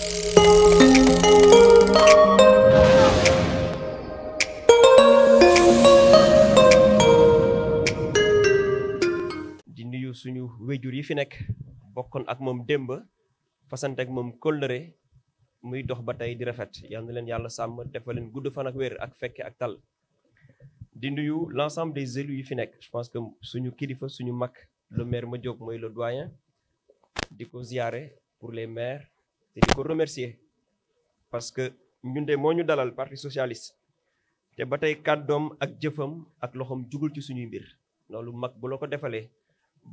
di nuyu suñu wéjur yi fi nekk bokkoon ak mom démb fasante ak moom kóllëre muy dox ba tey di rafet yal na leen yàlla sàmm defal gudd fan ak wér ak fekke ak tal di nuyu l' des élus yi fi nekk je pense que suñu kilifa suñu mag le maire ma jóg mooy le doyen pour les maires te di ko remercier parce que ñun de moñu dalal parti socialiste te batay kaddom ak jëfëm ak loxom jugul ci suñuy mbir lolu mag bu lako ko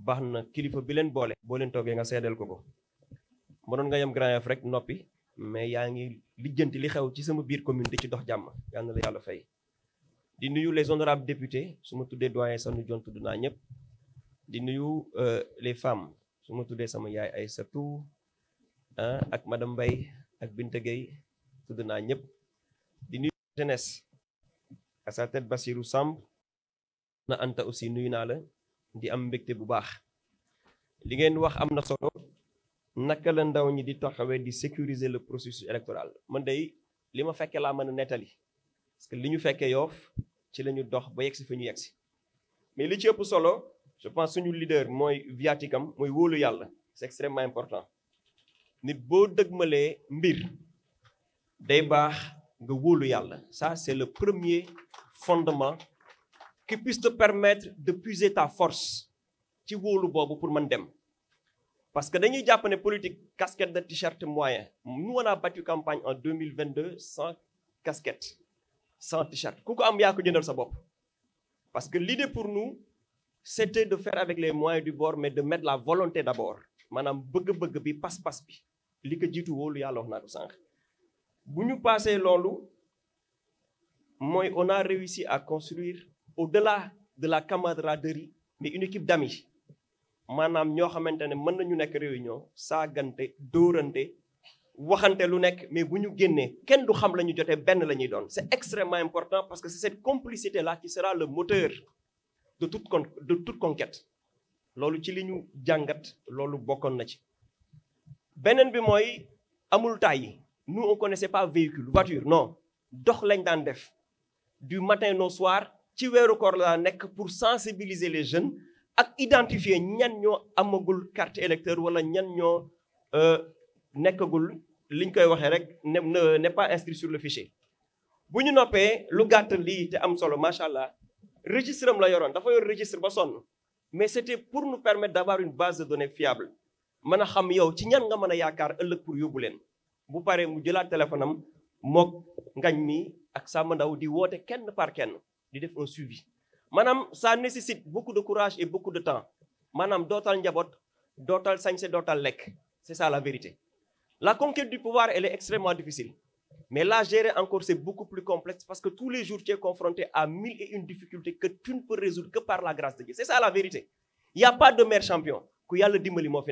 baxna kilifa bi len bolé bo len togué nga sédel ko ko mënon nga yam Grand Yoff rek nopi mais ya ngi lijeenti li xew ci sama biir commune di ci dox jàmm yal na la fay di nuyu les honorables députés suma tuddé doyen sanu jon tuduna ñep di nuyu euh, les femmes suma tuddé sama yaay ay sa ah ak madame bay ak Binta gay tudd na ñep di nuyu jeunesse à sa tête basirou sam na Anta aussi nuyu na la di am mbekté bu baax li ngeen wax amna solo naka la ndaw ñi di taxawé di sécuriser le processus électoral man day lima ma la mëna netali parce que liñu ñu fekkee ci lañu dox ba yexi ñu mais li ci ëpp solo je pense suñu leader moy viatikam moy wolu yalla c'est extrêmement important ça c'est le premier fondement qui puisse te permettre de puiser ta force pour parce que nous, les une politique casquette de t-shirt moyen nous on a battu campagne en 2022 sans casquette sans t-shirt parce que l'idée pour nous c'était de faire avec les moyens du bord mais de mettre la volonté d'abord Madame bëgg-bëgg bi pas-pas bi li ko jiitu wóolu yàlla wax naa ko sànq bu ñu paasee loolu on a réussi à construire au-delà de la camaraderie mais une équipe d'amis maanaam ñoo xamante ne mën nañu nekk réunion saagante dóorante waxante lu nekk mais bu ñu génnee kenn du xam la ñu jotee benn la ñuy doon c'est extrêmement important parce que c'est cette complicité là qui sera le moteur de toute con de toute conquête loolu ci li ñu jàngat loolu bokkoon na ci benen bi mooy amul tàyyi nous on connaissait pas véhicule voiture non dox lañ daan def du matin au soir ci wéru koor la nekk pour sensibiliser les jeunes ak identifier ñan ñoo amagul carte électeur wala ñan ñoo euh, nekkagul liñ koy waxee rek ne n'est pas inscrit sur le fichier bu ñu noppee lu gàtt lii te am solo macha allah registre am la yoroon dafa yor registre ba sonn mais c'était pour nous permettre d'avoir une base de données fiable mën xam yow ci ñan nga mëna yaakar ëlëk pour bu paré mu téléphone am mi ak di kenn par kenn un suivi manam ça nécessite beaucoup de courage et beaucoup de temps manam c'est ça la vérité la conquête du pouvoir elle est extrêmement difficile mais la gérer encore c'est beaucoup plus complexe parce que tous les jours tu es confronté à mille et une difficultés que tu ne peux résoudre que par la grâce de Dieu c'est ça la vérité il y a pas de meilleur champion que yalla dimbali mo fi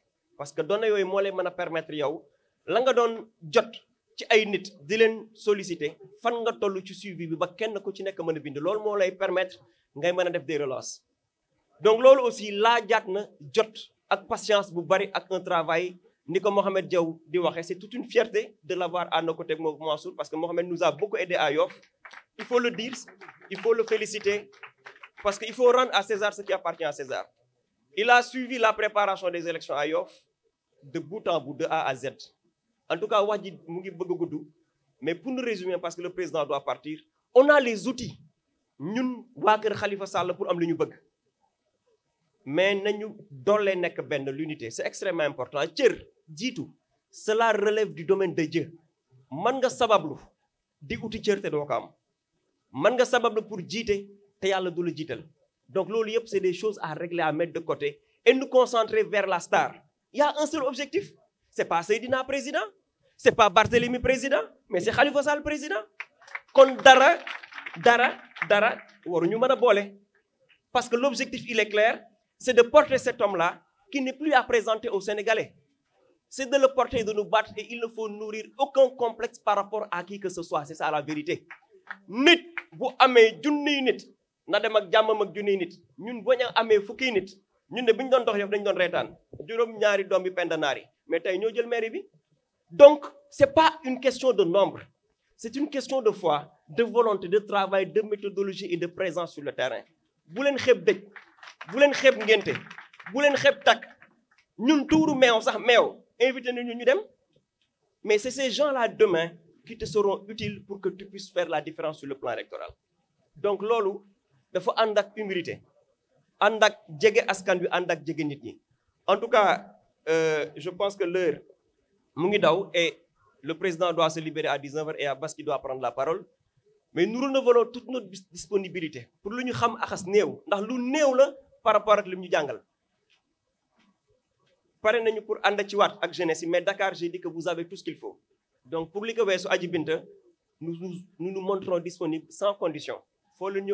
parce que données yooyu moo lay mën permettre yow la nga doon jot ci ay nit di leen solliciter fan nga toll ci suivi bi ba kenn ko ci nekk mën bind loolu moo lay permettre ngay mën def des relances donc loolu aussi laajaat na jot ak patience bu bari un travail ni Mohamed Diaw di c'est toute une fierté de l'avoir à nos côtés parce que Mohamed nous a beaucoup aidé à Yoff il faut le dire il faut le féliciter parce qu'il faut rendre à César ce qui appartient à César il a suivi la préparation des élections à Yoff de bout en bout, de A à Z. En tout cas, Wadi Mais pour nous résumer, parce que le président doit partir, on a les outils. Nous, Waker Khalifa Sall, pour nous Mais nous devons l'unité. C'est extrêmement important. Tchir, dit tout. Cela relève du domaine de Dieu. Manga sabablu, di outil tchir te dokam. Manga sabablu pour jite, te yalla du le Donc Donc, c'est des choses à régler, à mettre de côté et nous concentrer vers la star. Il y a un seul objectif. Ce n'est pas Seydina président, ce n'est pas Barthélemy président, mais c'est Khalifa Sall président. Kon dara, dara, dara, nous mëna bolé. Parce que l'objectif, il est clair, c'est de porter cet homme-là qui n'est plus à présenter aux Sénégalais. C'est de le porter et de nous battre et il ne faut nourrir aucun complexe par rapport à qui que ce soit. C'est ça la vérité. Nit bu amé junni nit na dem ak jamm ak avons nit ñun nous amé fukki nit ñun de buñ doon dox yof dañ doon reetaan juróom ñaari doom bi pendanaari mais tey ñoo jël mairie bi donc c'est pas une question de nombre c'est une question de foi de volonté de travail de méthodologie et de présence sur le terrain bu leen xeb dëj bu leen xeb ngénte bu leen xeb takk ñun touru meew sax meew invité nañu ñu dem mais c'est ces gens-là demain qui te seront utiles pour que tu puisses faire la différence sur le plan électoral donc loolu dafa ànd ak humilité Andak, askan nit en tout cas euh, je pense que l'heure mu et le président doit se libérer à 19h et Abbas qui doit prendre la parole mais nous renouvelons toute notre disponibilité pour lu ñu xam axas néew ndax lu néew la par rapport ak lim ñu nous pare nañu pour and ci wat ak jeunesse mais Dakar j'ai dit que vous avez tout ce qu'il faut donc pour li ko aji binta nous nous nous montrons disponibles sans condition que nous ñu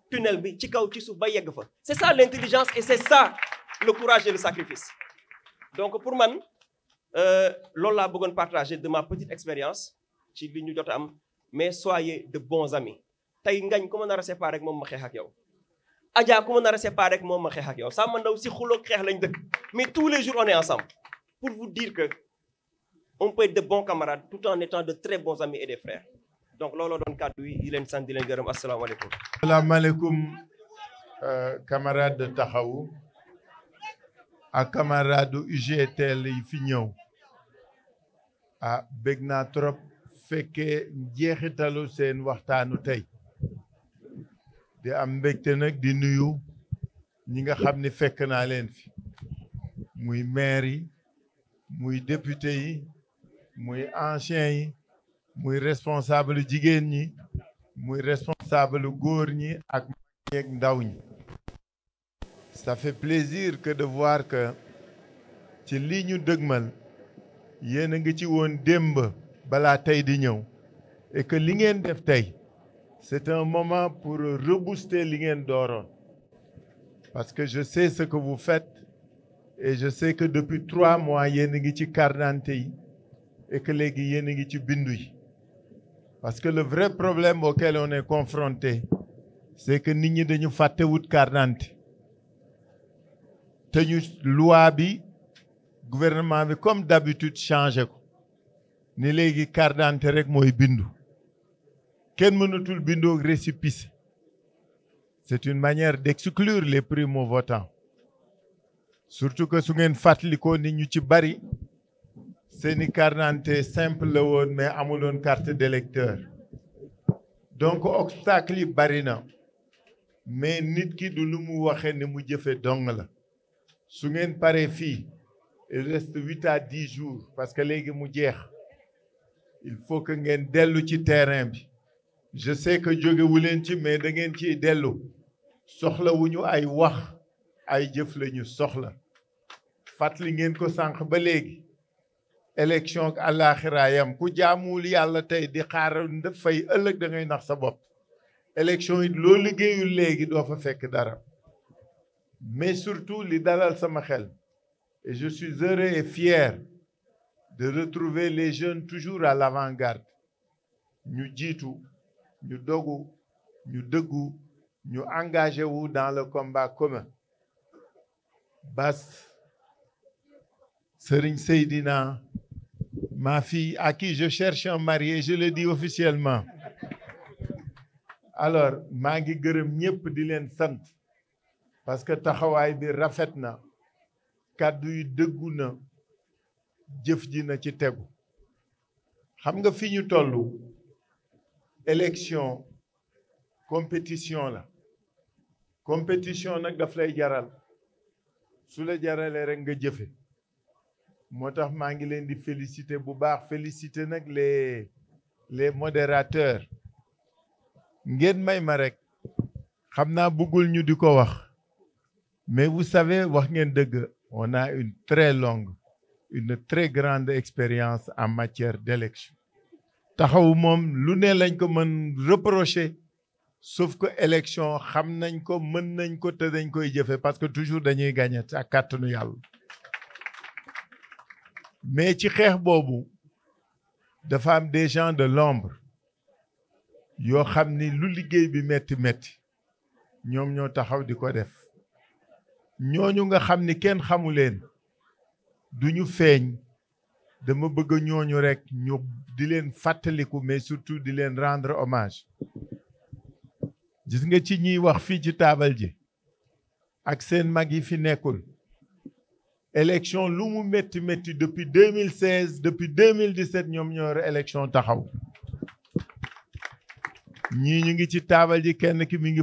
tunnel bi ci kaw ci ba fa c'est ça l'intelligence et c'est ça le courage et le sacrifice donc pour man euh, loolu laa bëggoon partager de ma petite expérience ci li ñu jot am mais soyez de bons amis tey ngañ ku ma nar a séparer rek moom ma xeex ak yow Adja ku ma nar a séparer rek moom ma xeex ak yow Samba Ndaw si xuloog xeex lañ dëkk mais tous les jours on est ensemble pour vous dire que on peut être de bons camarades tout en étant de très bons amis et des frères donc looloo doon kàddu yi di leen sant di leen gërëm asalaamaaleykum. asalaamaaleykum euh, camarade de taxawu ak camarade UGTL yi fi ñëw a ah, bég naa trop fekkee njeexitalu seen waxtaanu tey di am mbégte nag di nuyu ñi nga xam ni fekk naa leen fi muy maire yi muy député yi muy ancien yi muy responsable jigéen ñi muy responsable góor ñi ak yeeg ndaw ñi ça fait plaisir que de voir que ci lii ñu dëgmal yéen a ci woon démb bala tay di ñëw et que li ngeen def tay c'est un moment pour rebooster li ngeen dooroon parce que je sais ce que vous faites et je sais que depuis trois mois yéen a ngi ci carte yi et que léegi yéen a ngi ci bindu yi parce que le vrai problème auquel on est confronté c'est que nous des nous carte gouvernement comme d'habitude changé ko ni léegi carte rek mooy bindu mënatul Bindou récipice c'est une manière d'exclure les primo-votants surtout que su ngeen fàttalikoo nit ñu ci seni carnante simple won mais amulone carte d'électeur donc obstacle yi bari na mais nit ki du lu waxe ni mu jëfé dong la su ngeen paré fi il reste 8 à 10 jours parce que légui mu jeex il faut que ngeen dellu ci terrain bi je sais que jógewu leen ci mais da ngeen ci ciy soxla wuñu ay wax ay jëf lañu soxla fàttali ngeen ko sank ba légui élection ak alakhira yam ku jaamuwul yalla tay di xaaral ndëf fay ëllëg da ngay nax sa bopp élection yi loo liggéeyul léegi doo fa fekk dara mais surtout li dalal sama xel et je suis heureux et fier de retrouver les jeunes toujours à l'avant-garde ñu jiitu ñu dogu ñu dëggu ñu engagé wu dans le combat commun Bas. Serigne Seydina, ma fille à qui je cherche un mari, et je le dis officiellement. alors maa ngi gërëm di leen sant parce que taxawaay bi rafet na kàddu yi jëf ji na ci tegu xam nga fi ñu tollu élection compétition la compétition nak daf lay jaral su la jaralee rek nga jëfe motax ma ngi leen di félicité bu baax félicité nag les les modérateurs ngeen may ma rek xam naa bëggul ñu di ko wax mais vous savez wax ngeen dëgg on a une très longue une très grande expérience en matière d'élection taxaw moom lu ne lañ ko mën reprocher sauf que élection xam nañ ko mën nañ ko te dañ koy jëfe parce que toujours dañuy gagner ak kàttanu yàlla mais ci xeex boobu dafa am des gens de l'ombre yoo xam ni lu liggéey bi metti metti ñoom ñoo taxaw di ko def ñooñu nga xam ni kenn xamu leen du ñu feeñ dama bëgg ñooñu rekk ñu di leen fàttaliku mais surtout di leen rendre omage gis nga ci ñiy wax fii ci taabal ji ak seen mag yi fi nekkul élection lu mu métti depuis 2016 depuis 2017 ñom ñor élection taxaw ñi ñu ngi ci table ji kenn ki mi ngi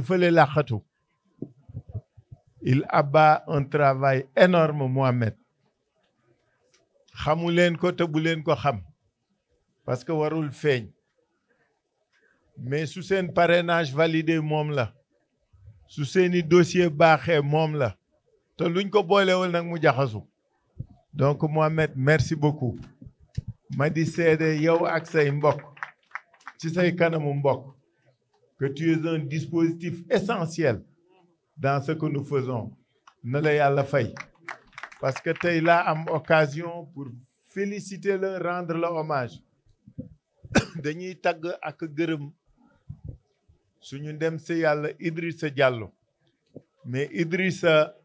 il abba un travail énorme Mohamed xamu leen ko te bu leen ko xam parce que warul feñ mais sous sen parrainage validé mom la sous sen dossier baxé mom la te luñ ko boolewul nag mu jaxasu donc Mohamed merci beaucoup ma di seede yow ak say mbokk ci say kanamu mbokk que tu es un dispositif essentiel dans ce que nous faisons na la yàlla fay parce que tey laa am occasion pour féliciter la rendre la hommage dañuy tagg ak gërëm suñu dem si yàlla Idrissa Diallo mais Idrissa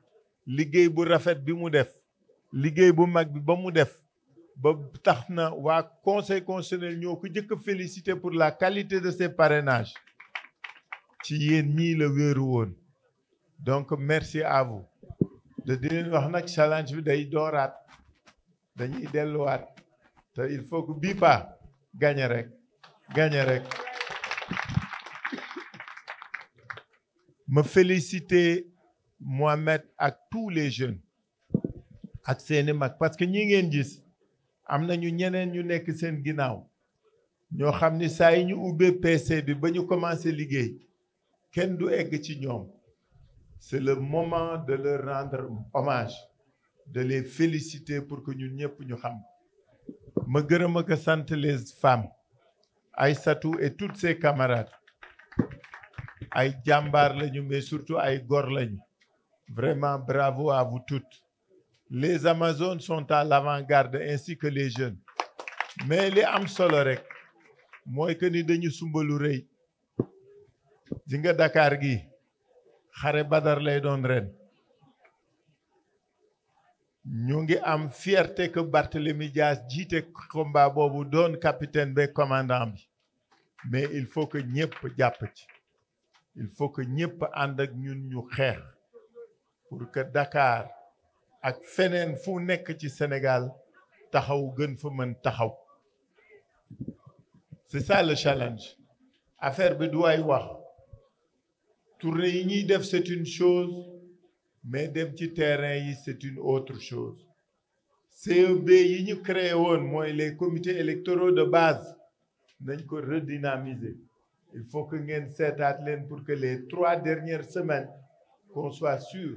liggéey bu rafet Bimoudef. mu def liggéey bu mag bi ba mu def ba tax conseil constitutionnel ñoo ko jëkk pour la qualité de ces parrainages ci yéen ñii la wéeru donc merci à vous De di un wax challenge bi day dooraat dañuy il faut que Bipa gagne. gañe rek me rek ma féliciter Mohamed à tous les jeunes ak seeni parce que ñi ngeen gis am nañu ñeneen ñu nekk seen ginnaaw ñoo xam ni saa yi ñu ubbee PC bi ba ñu commencé liggéey kenn du egg ci c'est le moment de leur rendre hommage de les féliciter pour que ñun nous ñu xam ma gërëm ak les femmes et toutes ses camarades ay jàmbaar mais surtout ay gor Vraiment, bravo à vous toutes. Les Amazones sont à l'avant-garde ainsi que les jeunes. mais les am solo rek mooy que ni dañu Je suis di nga Dakar gi suis badar lay doon ren ñu ngi am fierté que Barthélémy Dias le combat donner le capitaine et commandant mais il faut que nous nous ci il faut que ñëpp ànd ak ñun pour que Dakar ak fenen fu nek ci Sénégal taxaw gën fa mën taxaw c'est ça le challenge affaire bi du ay wax tournée yi def c'est une chose mais dem ci terrain yi c'est une autre chose CEB yi ñu créé un, moy les comités électoraux de base nañ ko redynamiser il faut que ngeen cette Athlène pour que les trois dernières semaines qu'on soit sûr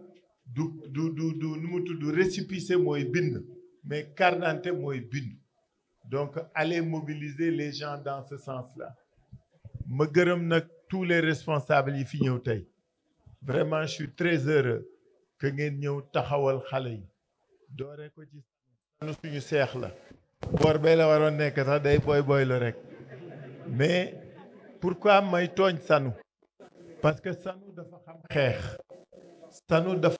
du du du du nu mu tudd récépissé mooy bind mais carte d'identité mooy bind donc allez mobiliser les gens dans ce sens-là ma gërëm nag tous les responsables yi fi ñëw tey vraiment je suis très heureux que ngeen ñëw taxawal xale yi doore ko ci sanu suñu seex la boor bee la waroon nekk sax day boy boy la rek mais pourquoi may tooñ sanu parce que sanu dafa xam xeex sanu dafa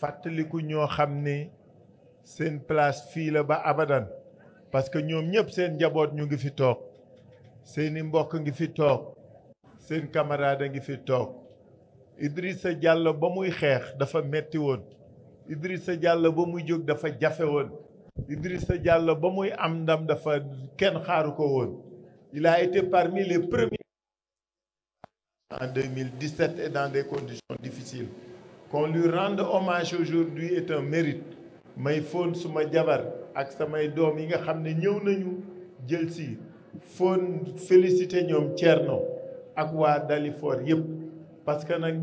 fàttaliku ñoo xamné ni seen place fi la ba abadan parce que ñom ñep seen jabot ñu ngi fi tok seeni mbokk ngi fi tok seen camarade ngi fi tok Idrissa Diallo ba muy xex dafa metti won Idrissa Diallo ba muy jog dafa jafe won Idrissa Diallo ba muy am ndam dafa kenn xaaru ko il a été parmi les premiers en 2017 et dans des conditions difficiles qu'on lui rende hommage aujourd'hui est un mérite may suma jabar ak samay dom yi nga xamné ñew nañu jël féliciter Thierno ak parce que nak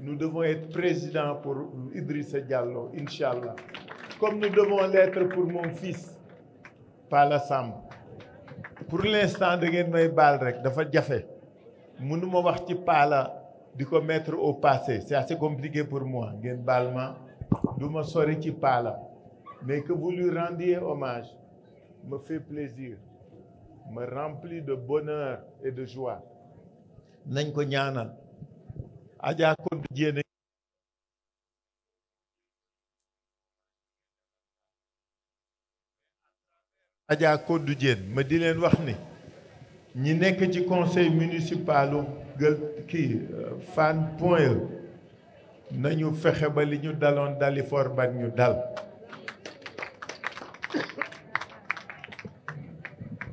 nous devons être président pour Idrissa Diallo inshallah, comme nous devons l'être pour mon fils Pala pour l'instant de ngeen may bal rek dafa de commettre au passé c'est assez compliqué pour moi d'où balma. ma qui ma mais que vous lui rendiez hommage me fait plaisir me remplit de bonheur et de joie nañ ko ñaanal Adja Kodou Je ni ñi nekk ci conseil municipal u gël kii euh, fan Point e, nañu fexe ba li ñu daloon Dalifort bañ ñu dal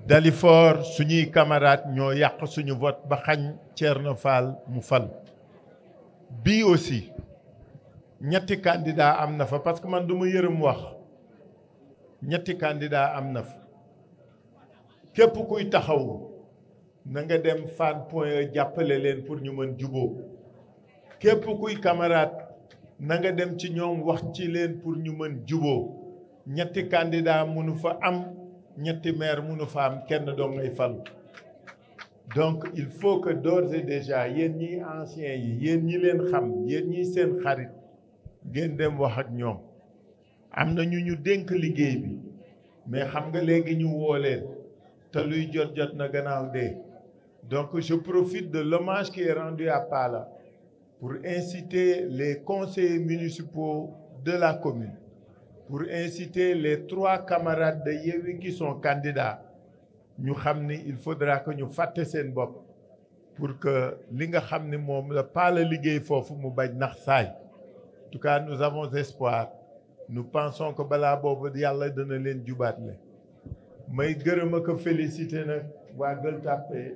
Dalifort suñuy camarades ñoo yàq suñu vote ba xañ Thierno Fall mu fal bii aussi ñetti candidat am na fa parce que man du ma yërëm wax ñetti kandidaa am na fa képp kuy taxaw na nga dem fan point jàppale leen pour ñu mën juboo képp kuy camarade na nga dem ci ñoom wax ci leen pour ñu mën juboo ñetti candidat mënu fa am ñetti maire mënu fa am kenn doo ngay fal donc il faut que d'ores et déjà yéen ñi anciens yi yéen ñi leen xam yéen ñi seen xarit ngeen dem wax ak ñoom am na ñu ñu dénk liggéey bi mais xam nga gi ñu woo te luy jot jot na gannaaw dee Donc, je profite de l'hommage qui est rendu à Pala pour inciter les conseillers municipaux de la commune, pour inciter les trois camarades de Yewi qui sont candidats. Nous savons il faudra que nous fassions bop pour que l'inga xamni mom le Pala liguey fofu mu bañ nax En tout cas, nous avons espoir. Nous pensons que bala bobu Yalla dana len jubatle. May je ko féliciter nak wa Gueule Tapé,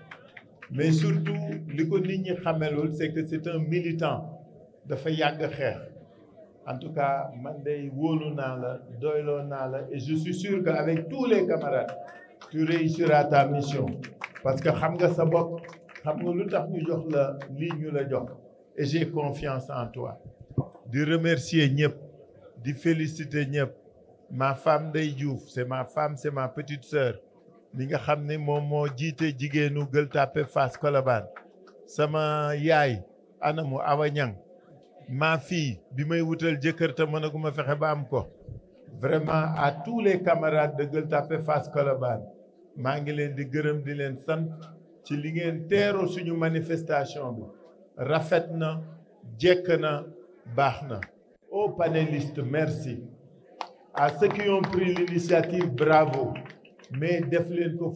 mais surtout li ko nit c'est que c'est un militant dafa yag xex en tout cas man day wóolu la et je suis sûr que avec tous les camarades tu réussiras ta mission parce que xam nga sa bok xam nga lutax ñu jox la li ñu la jox et j'ai confiance en toi di remercier ñep di féliciter ñep ma femme day Diouf c'est ma femme c'est ma petite sœur li nga xam ne moom moo jiite jigéenu Gueule Tapée Fass Colobane sama yaay anamu Awa Niang ma fille bi may wutal jëkkër te mënaguma fexe ba am ko vraiment à tous les camarades de Gueule Tapée Fass Colobane maa ngi leen di gërëm di leen sant ci li ngeen teeru suñu manifestation bi rafet na jekk na baax na aux panélistes merci à ceux qui ont pris l'initiative bravo mais def leen ko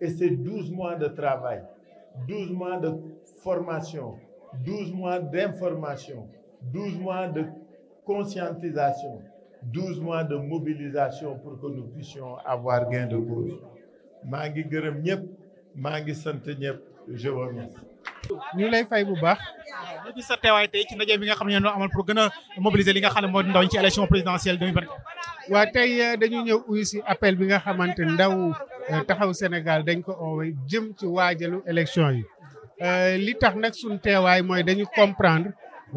et c'est 12 mois de travail 12 mois de formation 12 mois d'information 12 mois de conscientisation 12 mois de mobilisation pour que nous puissions avoir gain de cause Mangi ngi ñëpp je vous remercie. Nous lay fay bu baax. ñu gis sa teewaay nous ci ndaje bi nga pour mobiliser li nga xam ne ndaw ci élection présidentielle 2024. waa tey eh, dañu ñëw uy si appel bi nga xamante ndaw eh, taxaw Sénégal dañ ko oowe jëm ci waajalu élection yi eh, li tax nag suñ teewaay mooy dañu comprendre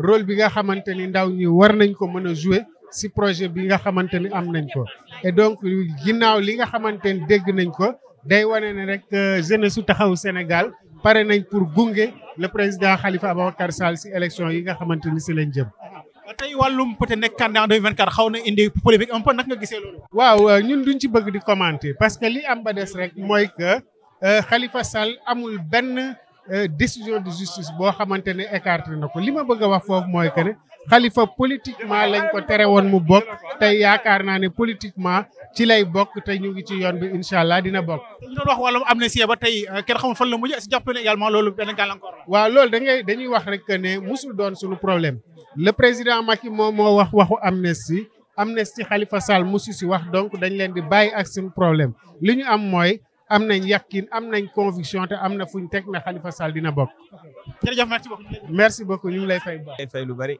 rôle bi nga xamante ni ndaw ñi war nañ ko mën a jouer si projet bi nga xamante ni am nañ ko et donc ginnaaw li nga xamante ni dégg nañ ko day wane ne rek jeunesse su taxaw Sénégal pare nañ pour gunge le président Khalifa Ababacar Sall si élection yi nga xamante ni si lañ jëm tey wàllum peut-être nekk candidat en 2024 xaw na indi polémique un peu naka nga gisee loolu. waaw euh, ñun ñu ci bëgg di commenter parce que li am ba des rek mooy que xalifa euh, sal amul benn euh, décision de justice boo xamante ne écarté na ko li ma bëgg a wax foofu mooy que ne. xalifa politiquement lañ ko tere woon mu bokk tey yaakaar naa ne politiquement ci lay bokk tey ñu ngi ci yoon bi incha allah dina bokk. ñu doon wax wàllum ba tey eh, kenn xamul fan la mujj si jàpp ne également loolu benn gàllankoor la. waaw loolu dañuy wax rek ne musul doon suñu problème le président Macky moom moo wax waxu amnistie amnistie xalifa Sall musu si wax donc dañ leen di bàyyi ak suñu problème li ñu am mooy. am nañ yàqin am nañ conviction te am na fuñ teg na Khalifa Sall dina bokk. jërëjëf merci beaucoup. merci beaucoup ñu ngi lay fay lu bari.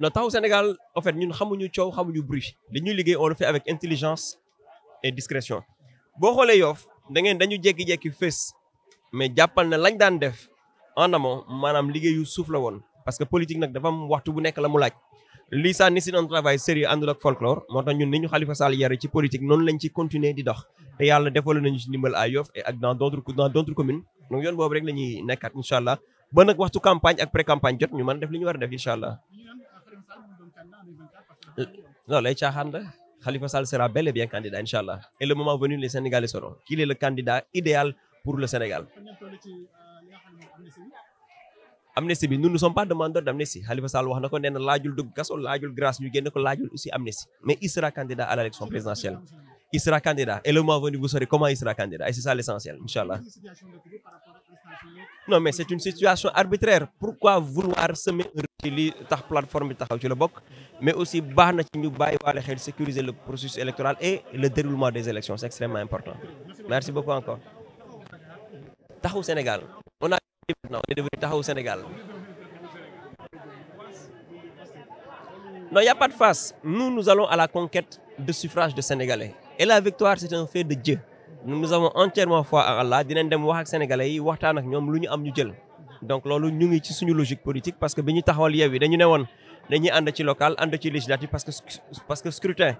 non taxawu Sénégal en fait ñun xamuñu coow xamuñu bruit dañuy liggéey on le fait avec intelligence et discrétion boo xoolee yoof da ngeen dañu jékki-jékki fés mais jàppal na lañ daan def en amont maanaam liggéeyu suuf la woon parce que politique nag dafa waxtu bu nekk la mu laaj lii ça nécessite un travail sérieux àndul ak folklore moo tax ñun ni ñu Khalifa Sall yare ci politique noonu lañ ci continuer di dox te yàlla defal nañu ci ndimbal à Yoff et ak dans la ñuy campagne ak pré campagne jot ñu def li ñu war a def incha non lay caaxaan la Khalifa Sall sera bel et bien candidat incha allah et le moment venu les Sénégalais sauront qu'il est le candidat idéal pour le Sénégal. amnistie bi nous ne sommes pas demandeurs d'amnistie Khalifa Sall wax na ko nee na laajul dugg kaso laajul grâce ñu génn ko laajul aussi mais il sera candidat à l'élection présidentielle. il sera candidat. Et le moment venu, vous saurez comment il sera candidat. Et c'est ça l'essentiel, Inch'Allah. Non, mais c'est une situation arbitraire. Pourquoi vouloir semer ta plateforme mais aussi sécuriser le processus électoral et le déroulement des élections. C'est extrêmement important. Merci beaucoup encore. Tahou Sénégal. On a on est devenu Tahou Sénégal. Non, il n'y a pas de face. Nous, nous allons à la conquête de suffrage de Sénégalais et la victoire c'est un fait de Dieu nous avons entièrement foi en Allah dinañ dem wax ak sénégalais yi waxtaan ak ñoom lu ñu am ñu jël donc loolu ñu ngi ci suñu logique politique parce que nous avons taxawal Yewwi dañu ne woon dañuy ànd ci local ànd ci législative parce que parce que scrutin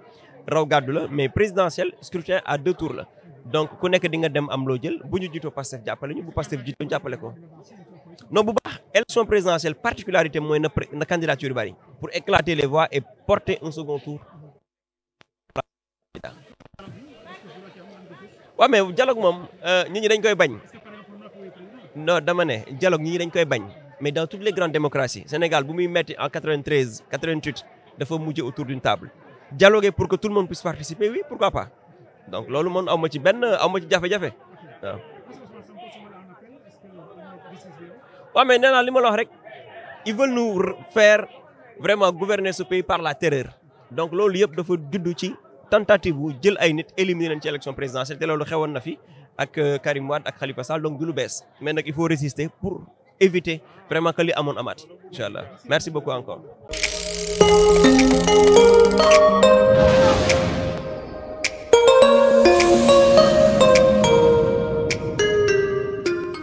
raw gàddu la mais présidentiel scrutin à deux tours la donc ku des di nga dem am loo jël bu ñu jiitoo Pastef jàppale ñu bu Pastef jiitoo jàppale ko non bu baax élection présidentielle particularité mooy na candidature bari pour éclater les voix et porter un second tour Oui mais dialogue mom, euh, ñi dañ koy bañ non dama ne dialogue nit ñi dañ koy bañ mais dans toutes les grandes démocraties Sénégal vous muy metti en 93 88 faut mujj autour d'une table dialoguer pour que tout le monde puisse participer oui pourquoi pas donc loolu le monde a ci benn aw ma ci jafe jafé waaw. mais nee naa wax ils veulent nous faire vraiment gouverner ce pays par la terreur donc lieu de dafa judd ci. tentative wu jël ay nit éliminer ci élection présidentielle te loolu xewoon na ak euh, Karim Wade ak Khalifa Sall donc du lu bees il faut résister pour éviter vraiment que li amoon amaat merci beaucoup encore.